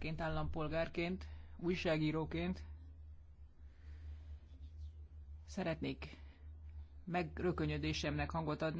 ként, állampolgárként, újságíróként szeretnék megrökönyödésemnek hangot adni,